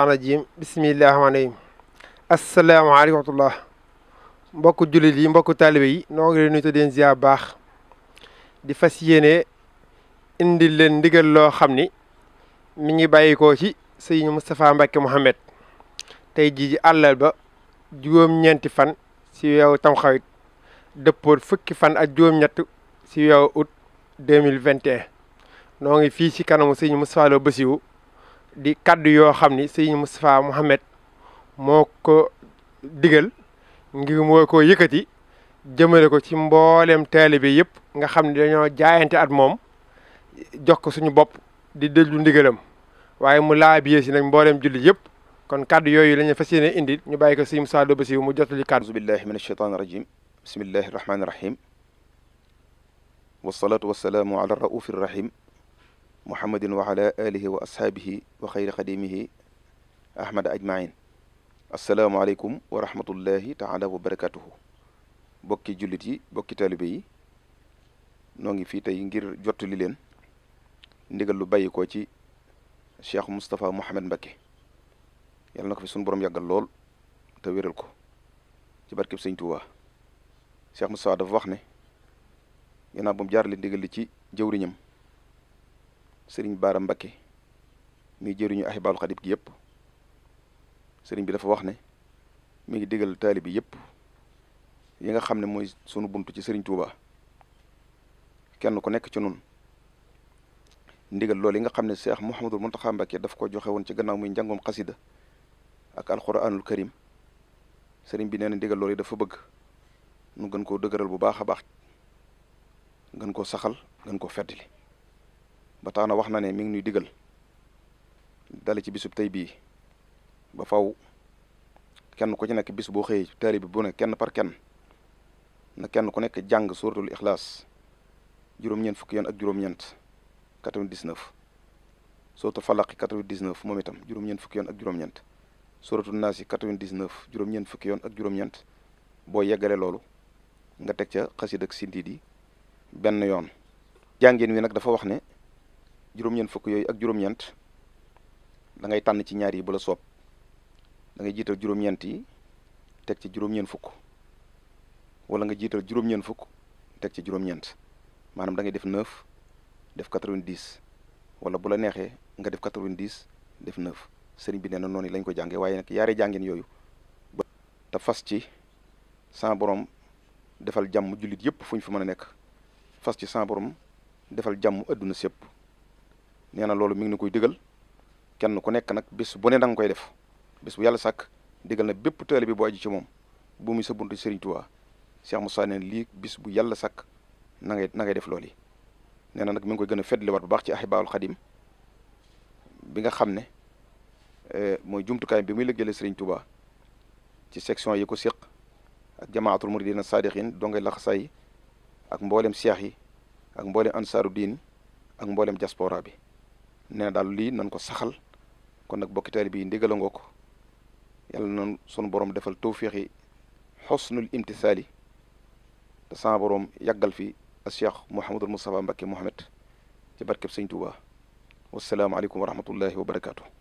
rajim bisimillahi rahmaani rahim asalaamaaleykum mbokk jullit yi mbokk taalibe yi noo ngi leen nuyu te deen ziar baax di fas yéene indi leen ndigal loo xam ni mi ngi bàyyikoo ci sëñ Moustapha Mbacke Mouhamed tey jii ji àllal ba juróom-ñeenti fan si weewu tamxarit dëppoot fukki fan ak juróom-ñett si weewu août 2021 noo ngi fii ci kanamu sëñ Moustapha Lo Bassirou di kàddu yoo xam ni sëñ Moustapha Mohamed moo ko digal ngir moo ko yëkkati jëmale ko ci mboolem taalibe yëpp nga xam ne dañoo jaayante at moom jox ko suñu bopp di déglu ndigalam waaye mu laabiyee si nag mboolem jullit yëpp kon kàddu yooyu la ñu fas yéene indi ñu bàyyi ko sëñ Moustapha Lo Bassirou mu jottali kàddu auzu billahi min ashaytaani rajim bismillahi rahmaani rahim wasalaatu wasalaamu ala raufi rahim muhammadin wa ala alihi wa ashaabihi wa xayri xadimihi ahmad ajmain asalaamaaleykum wa rahmatullahi taala wa barakatuhu bokki jullit yi bokki taalibe yi noo ngi fii tey ngir jottali leen ndigal lu bàyyi ko ci cheikh moustapha mohamed mbakke yàlla na ko fi sunu borom yàggal lool te wéral ko ci barkeb sëñ Tuubaa cheikh moustapha dafa wax ne ginnaaw ba mu jaarale ndigal li ci jëwriñam sëriñ Baara Mbakke muy jëriñu Ahibahil Khadim gi yëpp sëriñ bi dafa wax ne mi ngi digal taalibe bi yëpp yi nga xam ne mooy sunu bunt ci sëriñ Touba kenn ku nekk ci nun ndigal loolu yi nga xam ne Cheikh Mouhamadul Mountakha Mbakke daf ko joxewoon ci gannaaw muy njàngoom xasida ak alxuraanul karim sëriñ bi nee na ndigal loolu yi dafa bëgg nu gën koo dëgëral bu baax a baax gën koo saxal gën koo feddali ba tax na wax na ne mi ngi nuy digal dale ci bisub tey bii ba faw kenn ko ci nekk bis boo xëyee taari bi bu ne kenn par kenn na kenn ku nekk jàng suratul ixlaas juróom-ñeent fukki yoon ak juróom-ñeent 99 suratul falaqi 99 moom itam juróom-ñeent fukki yoon ak juróom-ñeent suratul naas yi 99 juróom fukki yoon ak juróom-ñeent boo yeggalee loolu nga teg ca xasid ak sindiid benn yoon jàngeen wi nag dafa wax ne juróom-ñeent fukk yooyu ak juróom-ñeent da ngay tànn ci ñaar yi bu la soob da jiital juróom-ñeent yi teg ci juróom-ñeent fukk wala nga jiital juróom fukk teg ci juróom maanaam da ngay def 9 def 90 wala bu la neexee nga def 90 def 9 sëriñ bi nee na noonu lañ ko jàngee waaye nag yaare jàngeen yooyu te fas ci sans borom defal jàmm jullit yëpp fu ñu fa mën a nekk fas ci sans borom defal jàmm adduna sépp nee na loolu mi ngi ni koy digal kenn ku nekk nag bis bu ne da nga koy def bis bu yàlla sàkk digal na bépp taalibe bi bu aju ci moom bu muy sa buntu Serigne Touba Cheikh Moussa ne lii bis bu yàlla sàkk na ngay na ngay def loolu nee na nag mi ngi koy gën a fëddaliwaat bu baax ci Ahibahil Khadim bi nga xam ne eh, mooy jumtukaay bi muy liggéeyal Serigne Touba ci section yi ko séq ak jamaatul muridina saadiqin dongay laxasaay ak mboolem seex yi ak mboolem ansaaru diin ak mboolem diaspora bi. nee daal lii nan ko saxal kon nag bokki taalibe yi ndigal nga ko yàlla na sunu borom defal tawfiixi xosnul imtisaali te sama borom yàggal fi Cheikh Mouhamadul Moustapha Mbacké Mohamed ci barkeb Sëñ Tuuba wassalaamu aleykum wa rahmatullahi